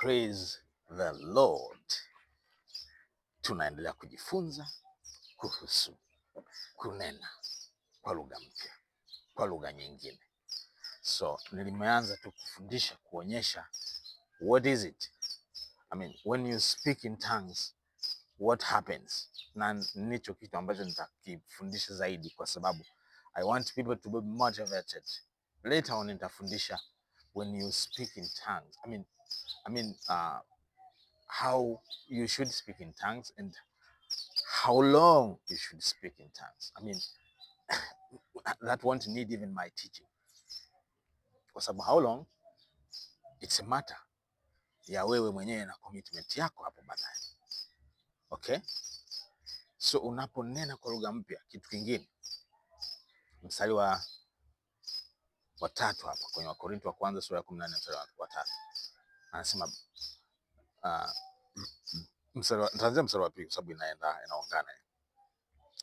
Praise the Lord. Tunaendelea kujifunza kuhusu kunena kwa lugha mpya, kwa lugha nyingine. So nilimeanza tu kufundisha kuonyesha what is it? I mean, when you speak in tongues what happens, na nicho kitu ambacho nitakifundisha zaidi, kwa sababu I want people to be motivated. Later on nitafundisha when you speak in tongues. I mean, I mean, uh, how you should speak in tongues and how long you should speak in tongues. I mean, that won't need even my teaching, kwa sababu how long it's a matter ya wewe mwenyewe na commitment yako hapo baadaye. Okay, so unaponena kwa lugha mpya, kitu kingine, mstari wa watatu hapa kwenye Wakorintho wa kwanza sura ya kumi na nane mstari wa tatu anasema uh, nitaanzia mstari wa pili kwa sababu inaenda inaungana.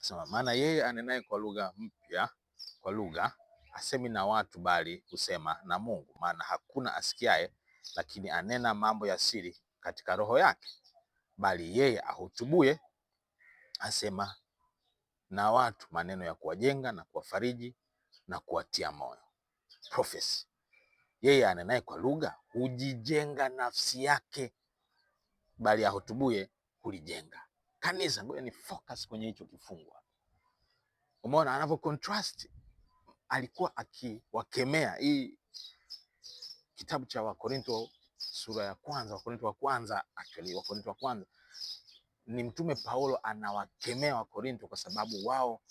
Sema maana yeye anenaye kwa lugha mpya kwa lugha asemi na watu, bali husema na Mungu, maana hakuna asikiaye, lakini anena mambo ya siri katika roho yake. Bali yeye ahutubuye asema na watu maneno ya kuwajenga na kuwafariji na kuwatia moyo. Prophecy yeye anenaye kwa lugha hujijenga nafsi yake, bali ahotubuye hulijenga kanisa. Ngoja ni focus kwenye hicho kifungwa. Umeona anavyo contrast, alikuwa akiwakemea. Hii kitabu cha Wakorinto sura ya kwanza, Wakorinto wa kwanza, actually Wakorinto wa kwanza ni mtume Paulo anawakemea Wakorinto kwa sababu wao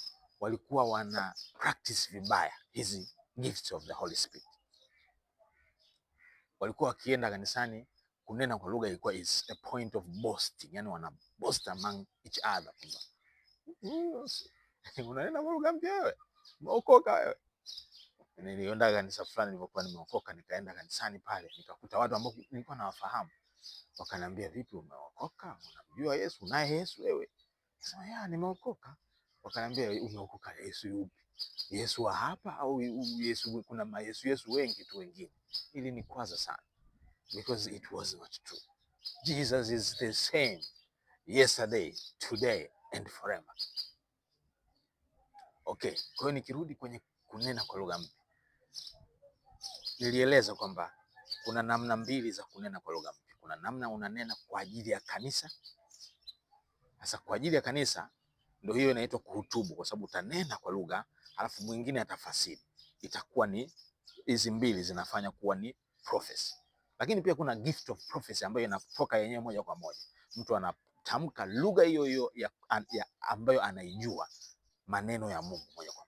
walikuwa wana practice vibaya hizi gifts of the Holy Spirit walikuwa wakienda kanisani kunena kwa lugha ilikuwa is a point of boasting, yani wana boast among each other kwamba mm-hmm. unanena kwa lugha mpya wewe, umeokoka wewe. Nilienda kanisa fulani nilipokuwa nimeokoka, nikaenda kanisani pale nikakuta watu ambao nilikuwa nawafahamu, wakaniambia vipi, umeokoka? Unamjua Yesu? Unaye Yesu wewe? Sema ya, nimeokoka. Wakaniambia umeokoka Yesu yupi? Yesu wa hapa au Yesu, kuna mayesu Yesu wengi tu wengine. Ili ni kwaza sana because it was not true. Jesus is the same yesterday, today and forever. Okay, kwa hiyo nikirudi kwenye kunena kwa lugha mpya, nilieleza kwamba kuna namna mbili za kunena kwa lugha mpya. Kuna namna unanena kwa ajili ya kanisa. Sasa kwa ajili ya kanisa ndio hiyo inaitwa kuhutubu, kwa sababu utanena kwa lugha alafu mwingine atafasiri, itakuwa ni hizi mbili zinafanya kuwa ni prophecy. Lakini pia kuna gift of prophecy ambayo inatoka yenyewe moja kwa moja, mtu anatamka lugha hiyo hiyo ya, ya ambayo anaijua maneno ya Mungu moja kwa moja.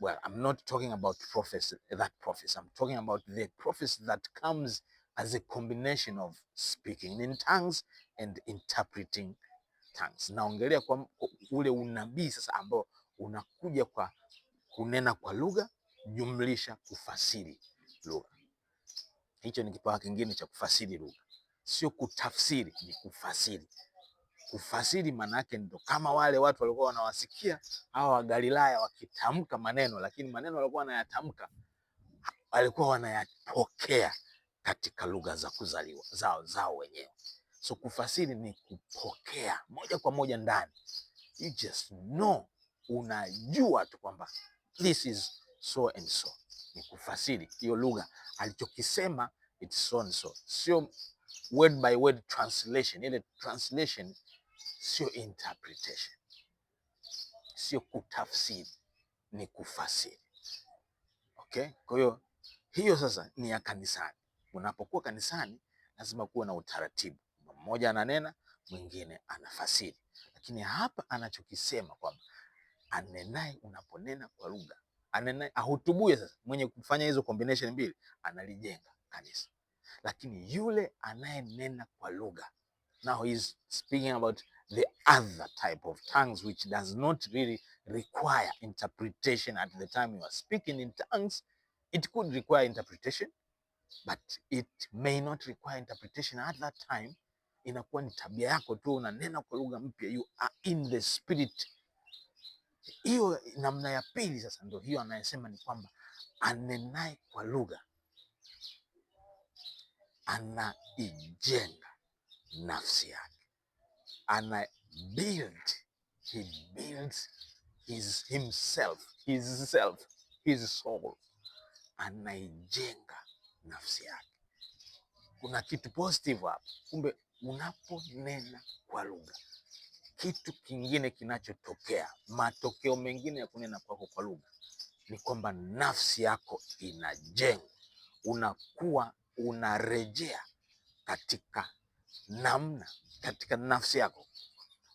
Well, I'm not talking about prophecy, that prophecy. I'm talking about the prophecy that comes as a combination of speaking in tongues and interpreting tongues. Naongelea kwa ule unabii sasa ambao unakuja kwa kunena kwa lugha jumlisha kufasiri lugha. Hicho ni kipawa kingine cha kufasiri lugha, sio kutafsiri, ni kufasiri. Kufasiri maana yake ndo kama wale watu walikuwa wanawasikia hawa Wagalilaya wakitamka maneno, lakini maneno walikuwa wanayatamka walikuwa wanayapokea katika lugha za kuzaliwa zao zao wenyewe. So kufasiri ni kupokea moja kwa moja ndani, you just know, unajua tu kwamba this is so and so, ni kufasiri hiyo lugha alichokisema it's so and so, sio word by word translation. Ile translation sio interpretation, sio kutafsiri, ni kufasiri. Okay, kwa hiyo hiyo sasa ni ya kanisani. Unapokuwa kanisani, lazima kuwa na utaratibu, mmoja ananena, mwingine anafasiri, lakini hapa anachokisema kwamba anenaye unaponena kwa lugha, anenaye ahutubue, sasa mwenye kufanya hizo combination mbili analijenga kanisa. Lakini yule anayenena kwa lugha, now he is speaking about the other type of tongues which does not really require interpretation at the time you are speaking in tongues. It could require interpretation but it may not require interpretation at that time. Inakuwa ni tabia yako tu, unanena kwa lugha mpya, you are in the spirit hiyo namna ya pili sasa ndio hiyo anayesema ni kwamba anenaye kwa lugha anaijenga nafsi yake, ana build he builds his himself his self his soul, anaijenga nafsi yake. Kuna kitu positive hapo. Kumbe unaponena kwa lugha kitu kingine kinachotokea, matokeo mengine ya kunena kwako kwa lugha ni kwamba nafsi yako inajengwa, unakuwa unarejea katika namna, katika nafsi yako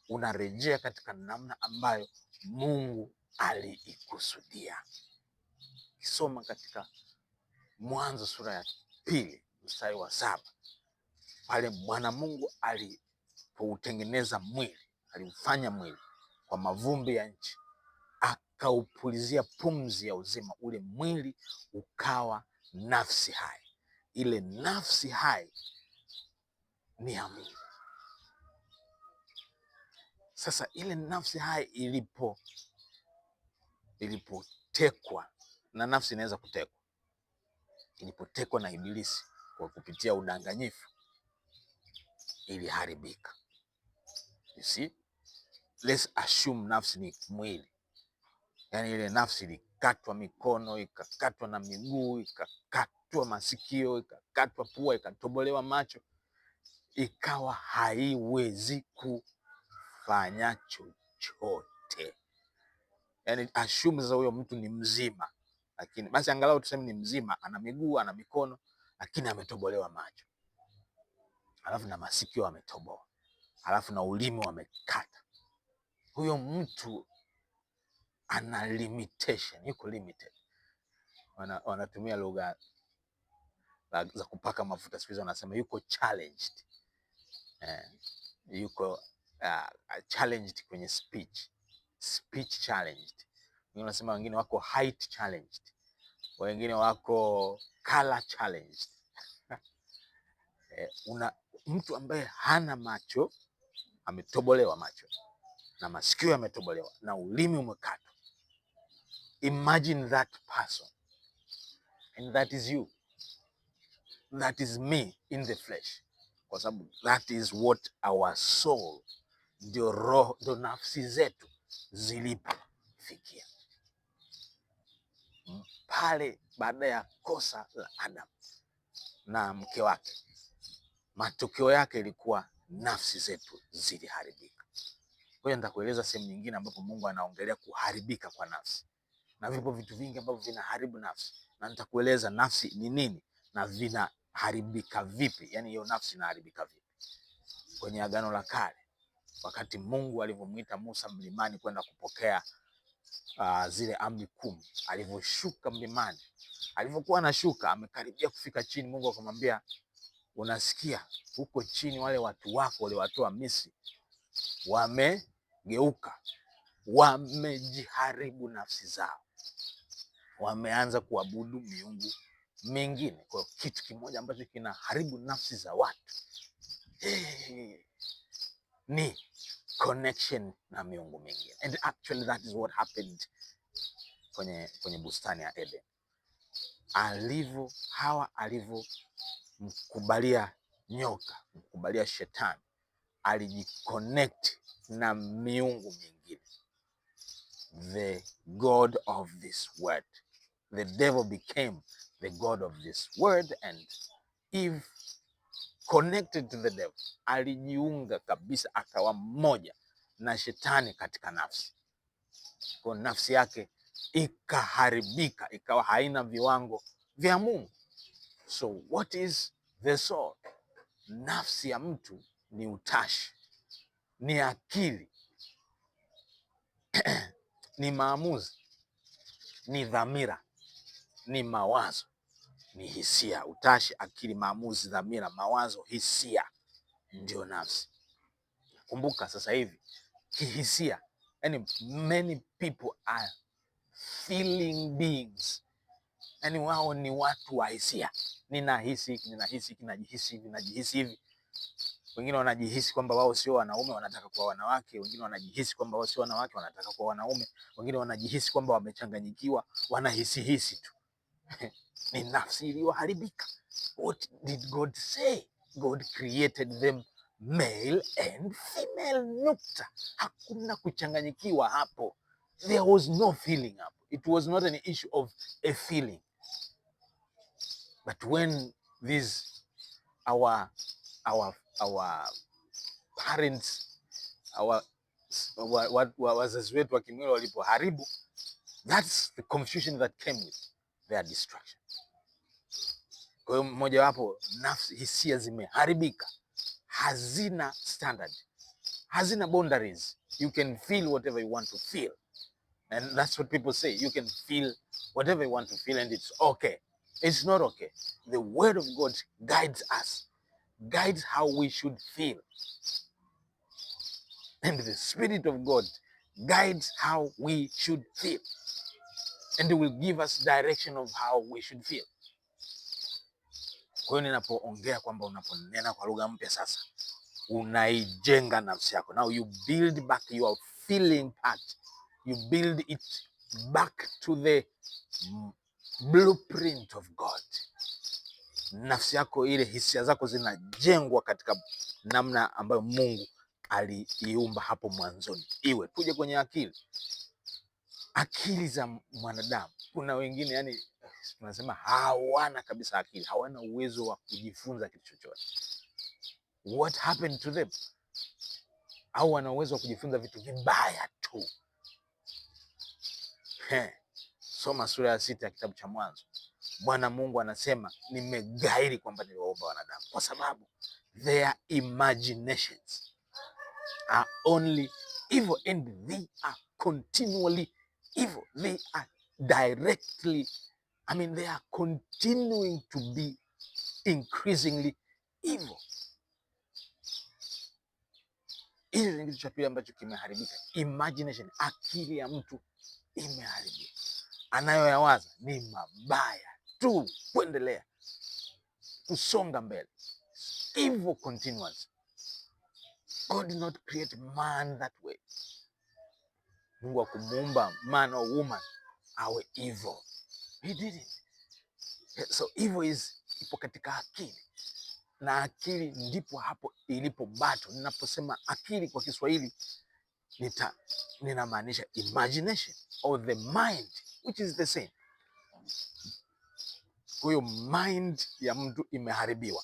unarejea katika namna ambayo Mungu aliikusudia. Kisoma katika Mwanzo sura ya pili mstari wa saba pale Bwana Mungu alipoutengeneza mwili alimfanya mwili kwa mavumbi ya nchi, akaupulizia pumzi ya uzima, ule mwili ukawa nafsi hai. Ile nafsi hai ni ya Mungu. Sasa ile nafsi hai ilipo ilipotekwa na nafsi, inaweza kutekwa, ilipotekwa na Ibilisi kwa kupitia udanganyifu, iliharibika. You see? let's assume nafsi ni mwili, yaani ile nafsi ilikatwa mikono ikakatwa na miguu ikakatwa masikio ikakatwa pua ikatobolewa macho ikawa haiwezi kufanya chochote, yaani assume sasa huyo mtu ni mzima, lakini basi angalau tuseme ni mzima, ana miguu ana mikono, lakini ametobolewa macho, alafu na masikio ametoboa, alafu na ulimi wamekata huyo mtu ana limitation, yuko limited. Wana, wanatumia lugha za kupaka mafuta siku hizi, wanasema yuko challenged eh, yuko uh, challenged kwenye speech, speech challenged. Wengine Wanasema wengine wako height challenged, wengine wako color challenged eh, una mtu ambaye hana macho ametobolewa macho na masikio yametobolewa na ulimi umekatwa. Imagine that person and that is you, that is me in the flesh, kwa sababu that is what our soul, ndio roho, ndio nafsi zetu zilipofikia hmm? pale baada ya kosa la Adam na mke wake, matokeo yake ilikuwa nafsi zetu ziliharibika. Ngoja nitakueleza sehemu nyingine ambapo Mungu anaongelea kuharibika kwa nafsi, na vipo vitu vingi ambavyo vinaharibu nafsi, na nitakueleza nafsi ni nini na vinaharibika vipi, yani hiyo nafsi inaharibika vipi. Kwenye Agano la Kale, wakati Mungu alivyomwita Musa mlimani kwenda kupokea uh, zile amri kumi, alivyoshuka mlimani, alivyokuwa anashuka, amekaribia kufika chini, Mungu akamwambia unasikia huko chini, wale watu wako waliowatoa Misri wame Geuka, wamejiharibu nafsi zao, wameanza kuabudu miungu mingine. Kwa kitu kimoja ambacho kinaharibu nafsi za watu eh, ni connection na miungu mingine, and actually that is what happened kwenye, kwenye bustani ya Eden alivyo Hawa alivyomkubalia nyoka, mkubalia shetani, alijiconnect na miungu mingine. The god of this world, the devil became the god of this world and Eve connected to the devil, alijiunga kabisa akawa mmoja na shetani katika nafsi. Kwa nafsi yake ikaharibika, ikawa haina viwango vya Mungu. So what is the soul? Nafsi ya mtu ni utashi ni akili ni maamuzi, ni dhamira, ni mawazo, ni hisia. Utashi, akili, maamuzi, dhamira, mawazo, hisia ndio nafsi. Kumbuka sasa hivi kihisia, yani many people are feeling beings, yani wao ni watu wa hisia. Ninahisi hiki, ninahisi hiki, najihisi hivi, najihisi hivi wengine wanajihisi kwamba wao sio wanaume, wanataka kuwa wanawake. Wengine wanajihisi kwamba wao sio wanawake, wanataka kuwa wanaume. Wengine wanajihisi kwamba wamechanganyikiwa, wanahisi hisi tu ni nafsi iliyoharibika. What did God say? God created them male and female, nukta. Hakuna kuchanganyikiwa hapo. There was no feeling hapo. It was not an issue of a feeling. But when these our our our parents our wazazi wetu wa kimwili walipoharibu, that's the confusion that came with their destruction. Kwa hiyo mmojawapo, nafsi, hisia zimeharibika, hazina standard, hazina boundaries. You can feel whatever you want to feel and that's what people say, you can feel whatever you want to feel and it's okay. It's not okay. The word of God guides us guides how we should feel. And the Spirit of God guides how we should feel. And it will give us direction of how we should feel. Kwa ninapoongea kwamba unaponena kwa lugha mpya sasa unaijenga nafsi yako. Now you build back your feeling part. You build it back to the blueprint of God. nafsi yako ile hisia zako zinajengwa katika namna ambayo Mungu aliiumba hapo mwanzoni iwe. Tuje kwenye akili, akili za mwanadamu. Kuna wengine yani tunasema hawana kabisa akili, hawana uwezo wa kujifunza kitu chochote. What happened to them? Au wana uwezo wa kujifunza vitu vibaya tu. He, soma sura ya sita ya kitabu cha Mwanzo. Bwana Mungu anasema nimegairi kwamba niliwaumba wanadamu, kwa sababu their imaginations are only evil and they are continually evil, they are directly I mean they are continuing to be increasingly evil. Hicho ni kitu cha pili ambacho kimeharibika, imagination. Akili ya mtu imeharibika, anayoyawaza ni mabaya tu kuendelea kusonga mbele, hivyo continuous. God did not create man that way. Mungu akumuumba man or woman awe hivyo, He didn't. So hivyo is ipo katika akili na akili ndipo hapo ilipo bato. Ninaposema akili kwa Kiswahili nita ninamaanisha imagination or the mind which is the same. Kwa hiyo mind ya mtu imeharibiwa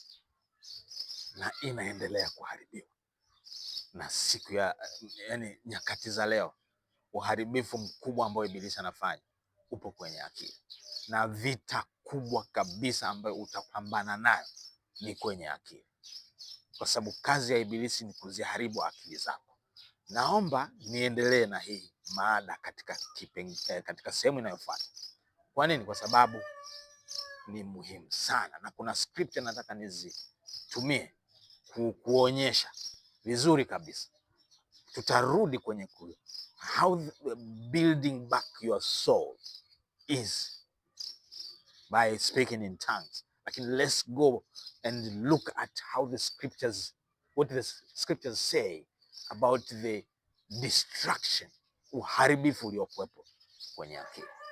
na inaendelea kuharibiwa na siku ya yani, nyakati za leo, uharibifu mkubwa ambao ibilisi anafanya upo kwenye akili, na vita kubwa kabisa ambayo utapambana nayo ni kwenye akili, kwa sababu kazi ya ibilisi ni kuziharibu akili zako. Naomba niendelee na hii maada katika, eh, katika sehemu inayofuata. Kwa nini? Kwa sababu ni muhimu sana, na kuna script nataka nizitumie kuonyesha vizuri kabisa. Tutarudi kwenye ku how building back your soul is by speaking in tongues, lakini let's go and look at how the scriptures what the scriptures say about the destruction, uharibifu uliokuwepo kwenye akili.